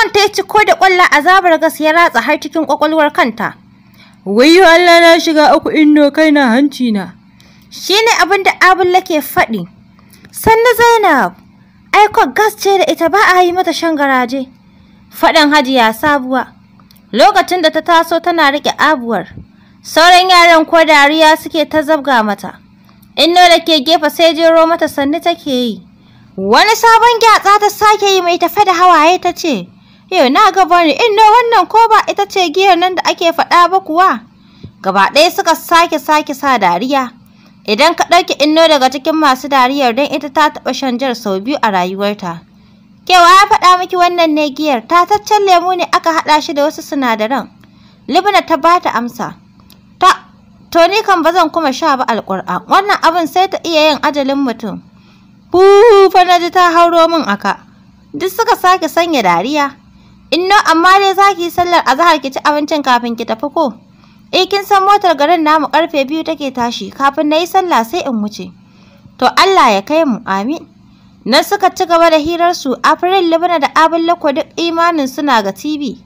Ciwon ta ci ko da ƙwallon azabar gas ya ratsa har cikin ƙwaƙwalwar kanta. Wayyo Allah na shiga uku inno kai na hanci na. Shi ne abin da Abulla ke faɗi. Sannu Zainab, aiko gas ce da ita ba a yi mata shan garaje. Faɗin hajiya sabuwa. Lokacin da ta taso tana riƙe abuwar, sauran yaran ko dariya suke ta zabga mata. Inno da ke gefe sai jero mata sannu take yi. Wani sabon gyatsa ta sake yi mai tafe da hawaye ta ce, Yau na ga bari inda wannan ko ba ita ce giyar nan da ake faɗa ba kuwa. Gaba ɗaya suka sake sake sa dariya. Idan ka ɗauki inno daga cikin masu dariyar don ita ta taɓa shan jar sau biyu a rayuwarta. Kewa ya faɗa miki wannan ne giyar ta tataccen lemu ne aka haɗa shi da wasu sinadaran. Libna ta ba ta amsa. Ta, to ni kan ba zan kuma sha ba alƙur'an. Wannan abin sai ta iya yin ajalin mutum. Fuhu fa ta hauro min aka. Duk suka sake sanya dariya. Inno amma dai za ki yi sallar azahar ki ci abincin kafin ki tafi ko? Eh kin san motar garin namu karfe biyu take tashi kafin na yi sallah sai in wuce. To Allah ya kai mu amin. Nan suka ci gaba da hirar hirarsu Afril Libna da Abin Lako duk imanin suna ga TV.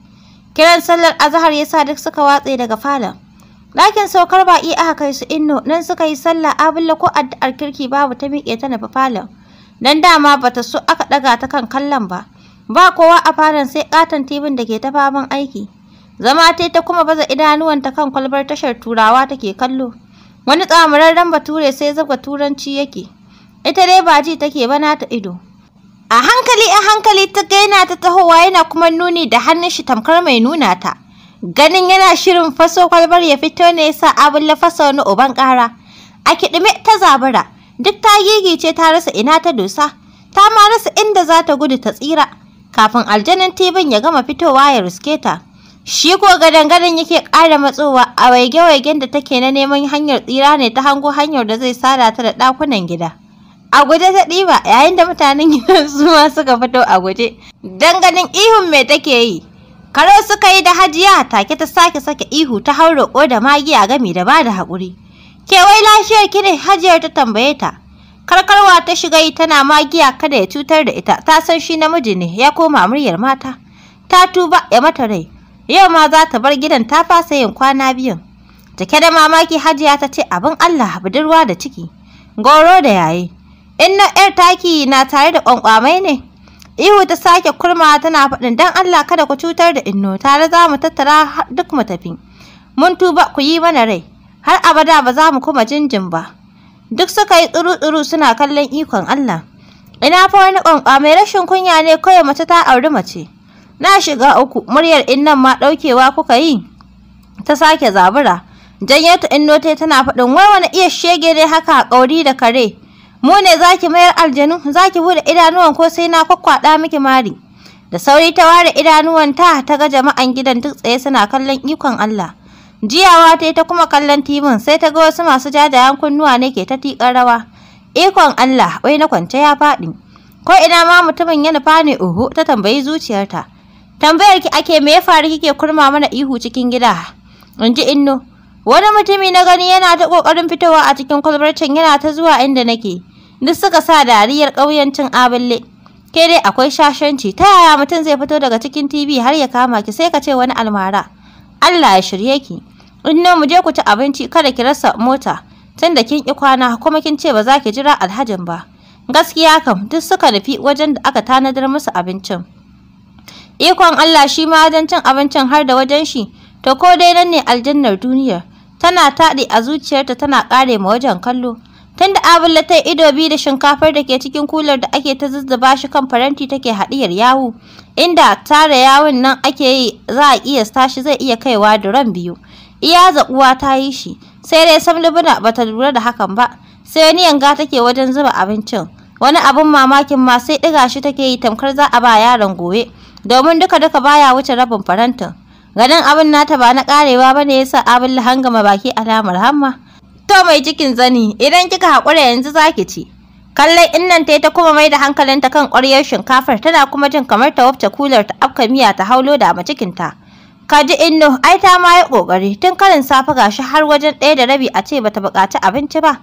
Kiran sallar azahar ya sa duk suka watse daga falon. Ɗakin saukar baƙi aka kai su inno nan suka yi sallah Abin Lako addu'ar kirki babu ta miƙe ta nufi falon. Nan dama bata so aka ɗaga ta kan kallon ba. Ba kowa a falon sai katon tibin da ke ta faman aiki. Zama tai ta kuma baza ta kan kwalbar tashar turawa take kallo. Wani tsamurarren bature sai zuba turanci yake. Ita dai ba ji take ba na ta ido. A hankali a hankali ta gaina ta tahowa yana kuma nuni da hannun shi tamkar mai nuna ta. Ganin yana shirin faso kwalbar ya fito ne sa abin lafasa wani uban kara A kiɗime ta zabura, duk ta gigice ta rasa ina ta dosa, ta ma rasa inda za ta gudu ta tsira. kafin aljanin tibin ya gama fitowa ya ruske ta. Shi ko gadan-gadan yake ƙara matsowa a waige-waigen da take na neman hanyar tsira ne ta hango hanyar da zai sada ta da ɗakunan gida. A guje ta ɗiba yayin da mutanen gidan su ma suka fito a guje. Dan ihun me take yi. Karo suka yi da hajiya take ta sake saka ihu ta hau roƙo da magiya gami da ba da haƙuri. Ke wai lafiyar ki ne hajiyar ta tambaye ta. karkarwa ta shiga yi tana magiya kada ya cutar da ita ta san shi namiji ne ya koma muryar mata ta tuba ya mata rai yau ma za ta bar gidan ta fasa yin kwana biyun take da mamaki hajiya ta ce abin allah budurwa da ciki goro da yayi. in na yar taki na tare da kwankwamai ne ihu ta sake kurma tana faɗin dan allah kada ku cutar da inno tare za mu tattara duk mu tafi mun tuba ku yi mana rai har abada ba za mu kuma jinjin ba duk suka yi tsuru-tsuru suna kallon ikon Allah. Ina fa wani ƙwanƙwa mai rashin kunya ne kawai mace ta auri mace. Na shiga uku, muryar innan ma ɗaukewa kuka yi, ta sake zabura. Janyatu innote tana faɗin wai wani iya shege ne haka a ƙauri da kare. Mu ne za ki mayar aljanu, za ki buɗe idanuwan ko sai na kwakkwaɗa miki mari. Da sauri ta ware idanuwan ta ta ga jama'an gidan duk tsaye suna kallon ikon Allah. Jiyawa ta ta kuma kallon timin sai ta ga wasu masu jajayen kunnuwa ne ke ta tiƙar rawa. Ikon Allah wai na kwance ya faɗi. Ko ina ma mutumin ya nufa ne uhu ta tambayi zuciyarta. Tambayar ki ake me ya faru kike kurma mana ihu cikin gida? In ji Inno. Wani mutumi na gani yana ta ƙoƙarin fitowa a cikin kwalbarcin yana ta zuwa inda nake. Duk suka sa dariyar ƙauyancin abille. Ke dai akwai shashanci ta yaya mutum zai fito daga cikin TV har ya kama ki sai ka ce wani almara. Allah ya shirye ki in na mu je ku ci abinci kada ki rasa mota tunda kin ki kwana kuma kin ce ba za ki jira alhajin ba gaskiya kam duk suka nufi wajen da aka tanadar musu abincin ikon Allah shi ma wajen cin abincin har da wajen shi to ko dai nan ne aljannar duniyar tana taɗi a zuciyarta tana kare ma wajen kallo Tunda Abulla ta ido biyu da shinkafar da ke cikin kular da ake ta zuzzuba shi kan faranti take haɗiyar yawu, inda tara yawon nan ake yi za a iya tashi zai iya kaiwa duran biyu. Iya zaƙuwa ta yi shi, sai dai sam libina ba ta lura da hakan ba, sai wani yanga take wajen zuba abincin. Wani abin mamakin ma sai ɗiga shi take yi tamkar za a ba yaron gobe, domin duka-duka baya wuce rabin farantin. Ganin abin nata ba na ƙarewa ba ne ya sa Abulla hangama baki alamar hamma. To mai cikin zani, idan kika haƙura yanzu zaki ci. Kallon innan ta ta kuma mai da hankalinta kan ƙwaryar shinkafar tana kuma jin kamar ta wafce kular ta afka miya ta haulo da cikinta. Ka ji inno, ai ta ma yi ƙoƙari, tun karin safe gashi har wajen ɗaya da rabi a ce bata buƙaci abinci ba.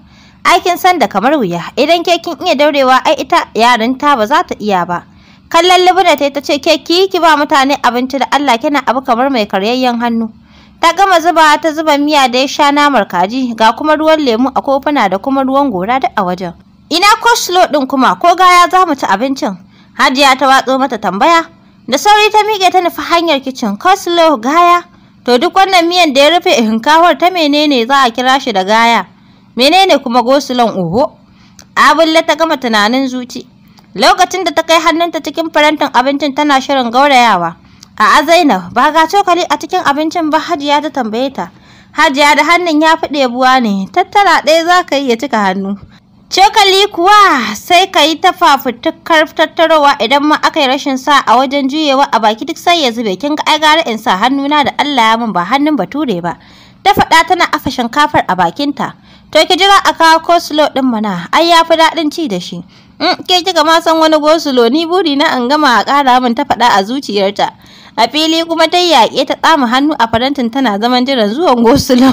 Aikin san da kamar wuya, idan ke kin iya daurewa ai ita yarinta ba za ta iya ba. Kallon libina ta ce ke ki ki ba mutane abinci da Allah kina abu kamar mai karyayyen hannu. ta gama zuba ta zuba miya da ya sha namar kaji ga kuma ruwan lemu a kofuna da kuma ruwan gora duk a wajen ina coslo din kuma ko gaya za mu ci abincin hajiya ta watso mata tambaya da sauri ta miƙe ta nufi hanyar kicin coslo gaya to duk wannan miyan da ya rufe hinkawar ta menene za a kira shi da gaya menene kuma gosulon oho abulle ta gama tunanin zuci lokacin da ta kai hannunta cikin farantin abincin tana shirin gaurayawa A'a Zainab, ba ga cokali a cikin abincin ba Hajiya ta tambaye ta. Hajiya da hannun ya fi ɗebuwa ne, tattara ɗaya za ka yi ya cika hannu. Cokali kuwa sai ka yi ta tattarowa idan ma aka yi rashin sa a wajen juyewa a baki duk sai ya zube kin ga ai gara in sa hannuna da Allah ya min ba hannun bature ba. Ta faɗa tana afa shinkafar a bakinta. To ki jira a kawo kosulo ɗin mana, ai ya fi daɗin ci da shi. In mm, ke kika ma san wani gosulo ni buri na an gama a ƙara min ta faɗa a zuciyarta. a fili kuma ta yaƙe ta tsama hannu a farantin tana zaman jiran zuwan gosulo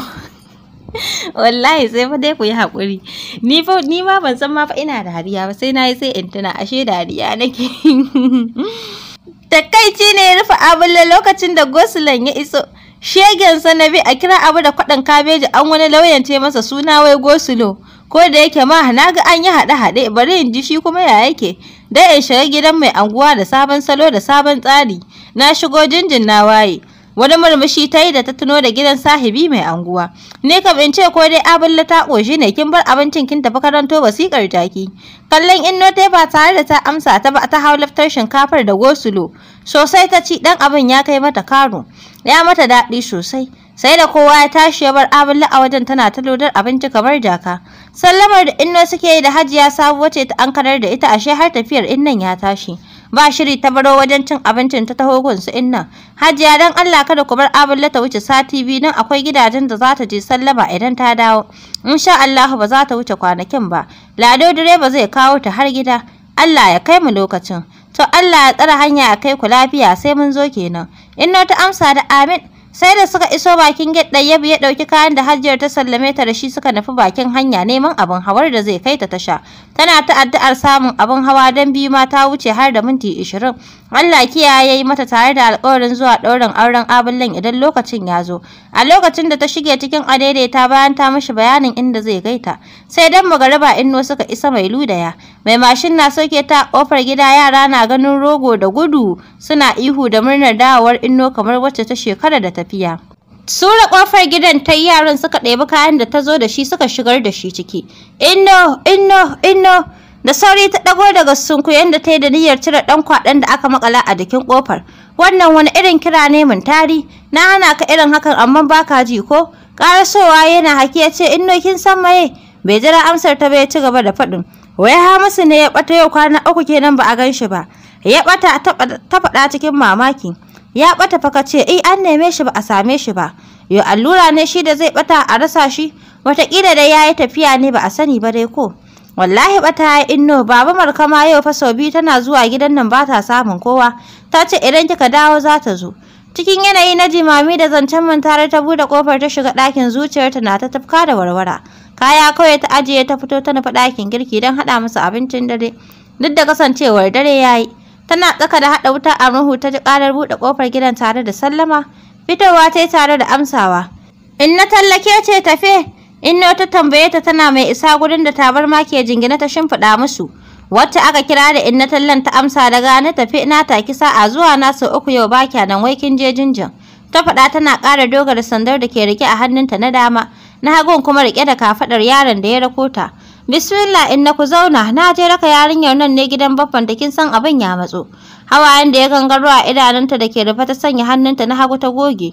wallahi sai fa dai ku yi haƙuri ni fa ni ma ban san ma fa ina da hariya ba sai nayi sai in tuna ashe dariya nake takaici ne ya rufe abulla lokacin da Gosulon ya iso shegen sanabi a kira abu da kwaɗan kabeji an wani lauyance masa suna wai gosulo ko da yake ma na ga an yi haɗe-haɗe bari in ji shi kuma ya yake dai in shiga gidan mai anguwa da sabon salo da sabon tsari na shigo jinjin na waye wani murmushi ta yi da ta tuno da gidan sahibi mai anguwa ne kam in ce ko dai abulla ta ƙoshi ne kin bar abincin kin tafi karanto wasikar jaki kallon inno ta ba tare da ta amsa ta ba ta hau laftar shinkafar da gosulo sosai ta ci dan abin ya kai mata karo ya mata daɗi sosai sai da kowa ya tashi ya bar abulla a wajen tana ta lodar abinci kamar jaka sallamar da inno suke yi da hajiya sabuwa ce ta ankarar da ita ashe har tafiyar innan ya tashi ba shiri ta baro wajen cin abincin ta taho gunsu innan hajiya dan Allah kada ku bar abin ta wuce sati biyu nan akwai gidajen da za ta je sallama idan ta dawo insha Allah ba za ta wuce kwanakin ba lado direba zai kawo ta har gida Allah ya kai mu lokacin to Allah ya tsara hanya ya kai ku lafiya sai mun zo kenan in ta amsa da amin sai da suka iso bakin gate ɗaya ya ɗauki kayan da hajiyar ta sallame ta da shi suka nufi bakin hanya neman abin hawar da zai kai ta tasha tana ta addu'ar samun abin hawa don biyu ma ta wuce har da minti ishirin Allah kiyaye ya yi mata tare da alƙawarin zuwa ɗaurin auren abullan idan lokacin ya zo. A lokacin da ta shige cikin adaidaita bayan ta mishi bayanin inda zai gaita, sai dan magaraba inno suka isa mai ludaya. Mai mashin na soke ta ƙofar gida yara na ganin rogo da gudu suna ihu da murnar dawowar inno kamar wacce ta shekara da tafiya. Sura kofar gidan ta yi yaran suka ɗebi kayan da ta zo da shi suka shigar da shi ciki. Inno, inno, inno. Da sauri ta ɗago daga sunkuyen da ta yi da niyyar cire dan kwaɗon da aka makala a jikin kofar Wannan wani irin kira ne mun tari, na hana ka irin hakan amma baka ji ko? Karasowa yana haki ya ce in nokin san maye? Bai jira amsar ta bai ci gaba da faɗin. Wai Hamisu ne ya ɓata yau kwana uku kenan ba a gan shi ba. Ya ɓata ta faɗa cikin mamaki. Ya bata fa ka ce eh an neme shi ba a same shi ba. Yo allura ne shi da zai bata a rasa shi. Wataƙila da ya yi tafiya ne ba a sani ba dai ko. wallahi bata ya inno baba markama yau fa sau biyu tana zuwa gidan nan bata samun kowa ta ce idan kika dawo za ta zo cikin yanayi na jimami da zancen mantare ta bude kofar ta shiga ɗakin zuciyarta na ta tafka da warwara kaya kawai ta ajiye ta fito ta nufi ɗakin girki don haɗa musu abincin dare duk da kasancewar dare ya yi tana tsaka da haɗa wuta a ruhu ta ji ƙarar buɗe ƙofar gidan tare da sallama fitowa ta yi tare da amsawa in na tallake ce tafe Inno ta tambaye ta tana mai isa gurin da tabarma ke jingina ta shimfiɗa musu. Wacce aka kira da inna tallan ta amsa da gane tafi na taki sa'a zuwa na sau uku yau ba a nan wai kin je jinjin. Ta faɗa tana ƙara dogara sandar da ke rike a hannunta na dama, na hagun kuma rike da kafaɗar yaron da ya rako ta. bismillah in na ku zauna na je raka yarinyar nan ne gidan baffan da kin san abin ya matso hawayen da ya gangaro a idanunta da ke rufe ta sanya hannunta na hagu ta goge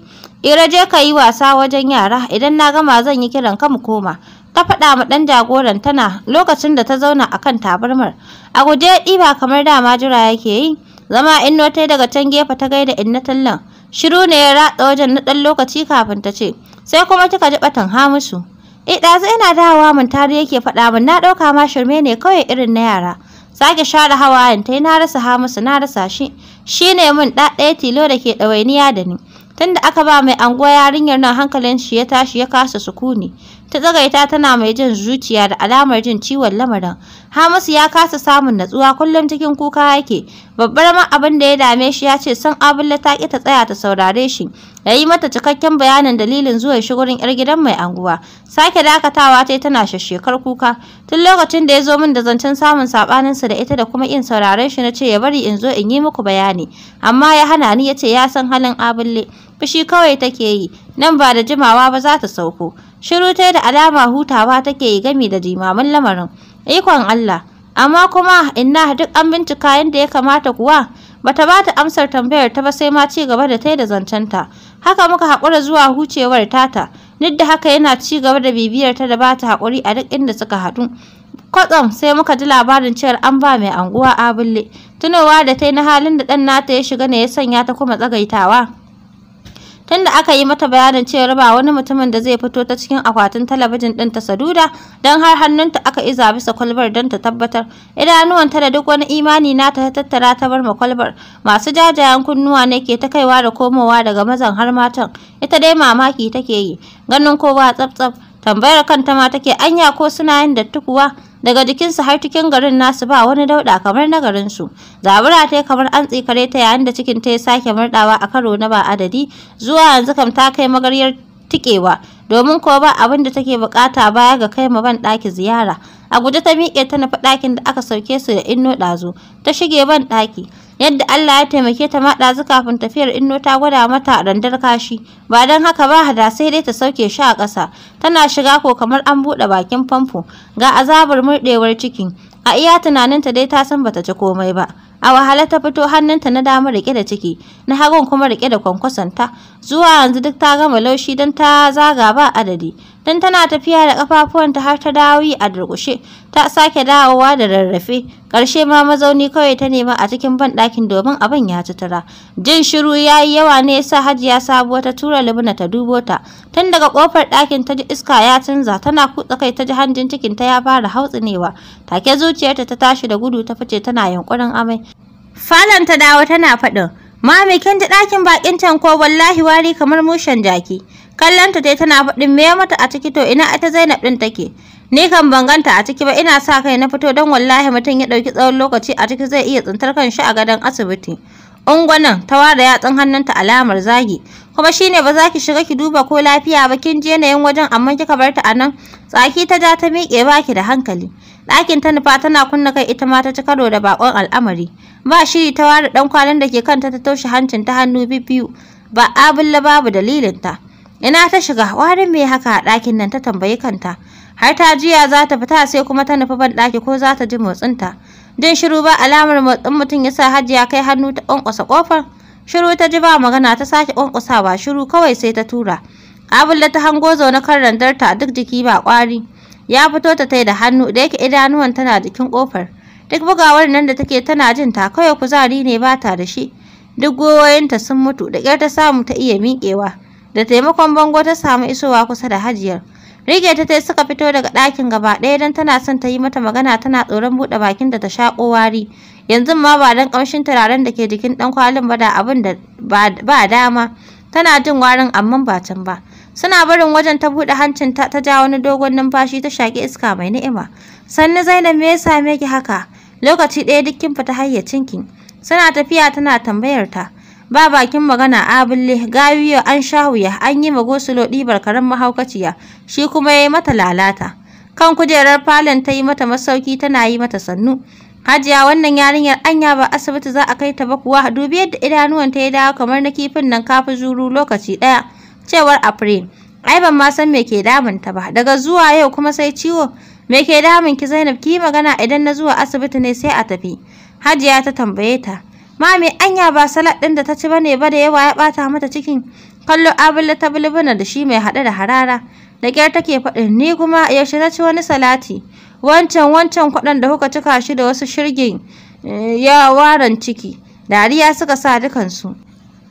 ira je ka yi wasa wajen yara idan na gama zan yi kiran ka mu koma ta faɗa ma ɗan jagoran tana lokacin da ta zauna a kan tabarmar. A guje ɗiba kamar dama jira yake yi, zama inno ta daga can gefe ta gaida inna tallan. Shiru ne ya ratsa wajen na ɗan lokaci kafin ta ce, sai kuma kika ji ɓatan hamusu. Eh ɗazu ina dawowa mun tari yake faɗa min na ɗauka ma shirme ne kawai irin na yara. Sake share hawayen ta na rasa Hamisu na rasa shi. Shi ne min ɗa ɗaya tilo da ke ɗawainiya da ni. Tunda aka ba mai anguwa yarinyar nan hankalin shi ya tashi ya kasa sukuni. Ta tsagaita tana mai jin zuciya da alamar jin ciwon lamarin. Hamisu ya kasa samun natsuwa kullum cikin kuka yake. babbar ma abin da ya dame shi ya ce san abulla ta ƙi ta tsaya ta saurare shi ya yi mata cikakken bayanin dalilin zuwa shi gurin yar gidan mai anguwa sake dakatawa ta tana shasshekar kuka tun lokacin da ya zo min da zancen samun sa da ita da kuma in saurare shi na ce ya bari in zo in yi muku bayani amma ya hana ni ya ce ya san halin abulle fushi kawai take yi nan ba da jimawa ba za ta sauko shiru ta da alama hutawa take yi gami da jimamin lamarin ikon Allah amma kuma inna duk an bincika yadda ya kamata kuwa bata ba ta amsar tambayar ta ba sai ma ci gaba da ta da zancenta haka muka haƙura zuwa hucewar tata duk da haka yana ci gaba da bibiyar ta da ba ta haƙuri a duk inda suka haɗu kwatsam sai muka ji labarin cewar an ba mai anguwa abulle tunowa da ta na halin da ɗan nata ya shiga ne ya sanya ta kuma tsagaitawa tunda aka yi mata bayanin cewa ba wani mutumin da zai fito ta cikin akwatin talabijin ɗin ta saduda dan har hannunta aka iza bisa kwalbar don ta tabbatar idanuwanta da duk wani imani na ta tattara ta bar ma kwalbar masu jajayen kunnuwa ne ke ta kaiwa da komowa daga mazan har matan ita dai mamaki take yi ganin kowa tsaf tambayar kanta ma take anya ko suna yin datti kuwa daga jikinsu har cikin garin nasu ba wani dauɗa kamar na garinsu zabura ta kamar an tsikare ta yayin da cikin ta ya sake murɗawa a karo na ba adadi zuwa yanzu kam ta kai magaryar tikewa domin ko ba abin da take bukata baya ga kai ma ban daki ziyara a guje ta miƙe ta nufi ɗakin da aka sauke su da inno ɗazu ta shige ban ɗaki yadda Allah ya taimake ta ma ɗazu kafin tafiyar inno ta gwada mata randar kashi ba don haka ba hada sai dai ta sauke shi a ƙasa tana shiga ko kamar an buɗe bakin famfo ga azabar murɗewar cikin, a iya tunaninta dai ta san bata ci komai ba a wahala ta fito hannunta na dama rike da ciki na hagun kuma rike da kwankwasonta zuwa yanzu duk ta gama laushi don ta zaga ba adadi don tana tafiya da ƙafafuwanta har ta dawo yi a durƙushe ta sake dawowa da rarrafe ƙarshe ma mazauni kawai ta nema a cikin banɗakin domin abin ya tutura jin shiru ya yi yawa ne yasa hajiya sabuwa ta tura libna ta dubo ta tun daga ƙofar ɗakin ta ji iska ya canza tana kutsa kai ta ji hanjin ta ya fara hautsinewa take zuciyarta ta tashi da gudu ta fice tana yunƙurin amai falon ta dawo tana faɗin mami kin ji ɗakin bakin can ko wallahi wari kamar mushen jaki ta dai tana faɗin me mata a ciki to ina ita Zainab din take ni kan banganta a ciki ba ina sa kai na fito don wallahi mutum ya ɗauki tsawon lokaci a ciki zai iya tsintar kan shi a gadon asibiti ungwanan ta ware yatsun hannunta alamar zagi kuma shine ba za ki shiga ki duba ko lafiya ba kin je yanayin wajen amma kika bar ta a nan tsaki ta ja ta miƙe baki da hankali ɗakin ta nufa tana kunna kai ita ma ta ci karo da bakon al'amari ba shiri ta ware ɗan kwanan da ke kanta ta toshe hancin ta hannu biyu ba abulla babu ta Ina ta shiga, Wani me haka a ɗakin nan ta tambayi kanta. Har ta jiya za ta fita sai kuma ta nufi ban ɗaki ko za ta ji ta. Jin shiru ba alamar motsin mutum ya sa hajiya kai hannu ta ƙwanƙwasa ƙofar. Shiru ta ji ba magana ta sake ƙwanƙwasawa shiru kawai sai ta tura. Abin da ta hango zaune kan randarta duk jiki ba ƙwari. Ya fito ta tai da hannu da yake idanuwan tana jikin ƙofar. Duk bugawar nan da take tana jin ta kawai kuzari ne ba ta da shi. Duk goyoyinta sun mutu da ƙyar ta samu ta iya miƙewa. da taimakon bango ta samu isowa kusa da hajiyar rige ta tai suka fito daga ɗakin gaba ɗaya don tana son ta yi mata magana tana tsoron buɗe bakin da ta shaƙo wari yanzu ma ba don ƙamshin turaren da ke jikin ɗan kwalin ba da abin da ba dama tana jin warin amma ba can ba suna barin wajen ta buɗe hancin ta ta ja wani dogon numfashi ta shaƙi iska mai ni'ima sannu zainab me ya same ki haka lokaci ɗaya duk kin fita hayyacin ki suna tafiya tana tambayar ta ba bakin magana abulle gawiyo an sha wuya an yi magosulo ɗibar karen mahaukaciya shi kuma ya yi mata lalata kan kujerar falon ta yi mata masauki tana yi mata sannu Hajiya wannan yarinyar anya ba asibiti za a kai ta ba kuwa dubi yadda idanuwan ta yi dawo kamar na kifin nan kafi zuru lokaci ɗaya cewar April. Ai ban ma san me ke damun ta ba daga zuwa yau kuma sai ciwo me ke damun ki Zainab ki magana idan na zuwa asibiti ne sai a tafi. Hajiya ta tambaye ta Mami anya ba salat ɗin da ta ci bane ba da yawa ya ɓata mata cikin kallo abula ta bulbuna da shi mai haɗe da harara. Da ƙyar take faɗin ni kuma yaushe na ci wani salati. Wancan wancan kuɗin da kuka cika shi da wasu shirgin eh, ya waran ciki. Dariya suka sa dukansu.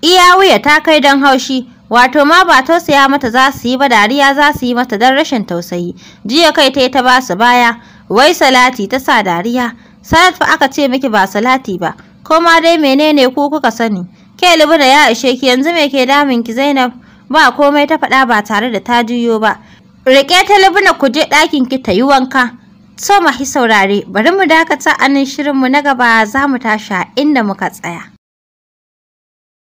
Iya wuya ta kai don haushi. Wato ma ba tausaya mata za su yi ba dariya za su yi mata don rashin tausayi. Jiya kai ta yi ta basu baya. Wai salati ta sa dariya. Salat fa aka ce miki ba salati ba. Koma dai menene ko kuka sani ke libina ya ishe ki yanzu me ke damun ki zainab ba komai ta faɗa ba tare da ta juyo ba Rike ta libina ku je ɗakin ki ta yi wanka so mahi saurare bari mu dakata anan shirinmu na gaba za mu tashi inda muka tsaya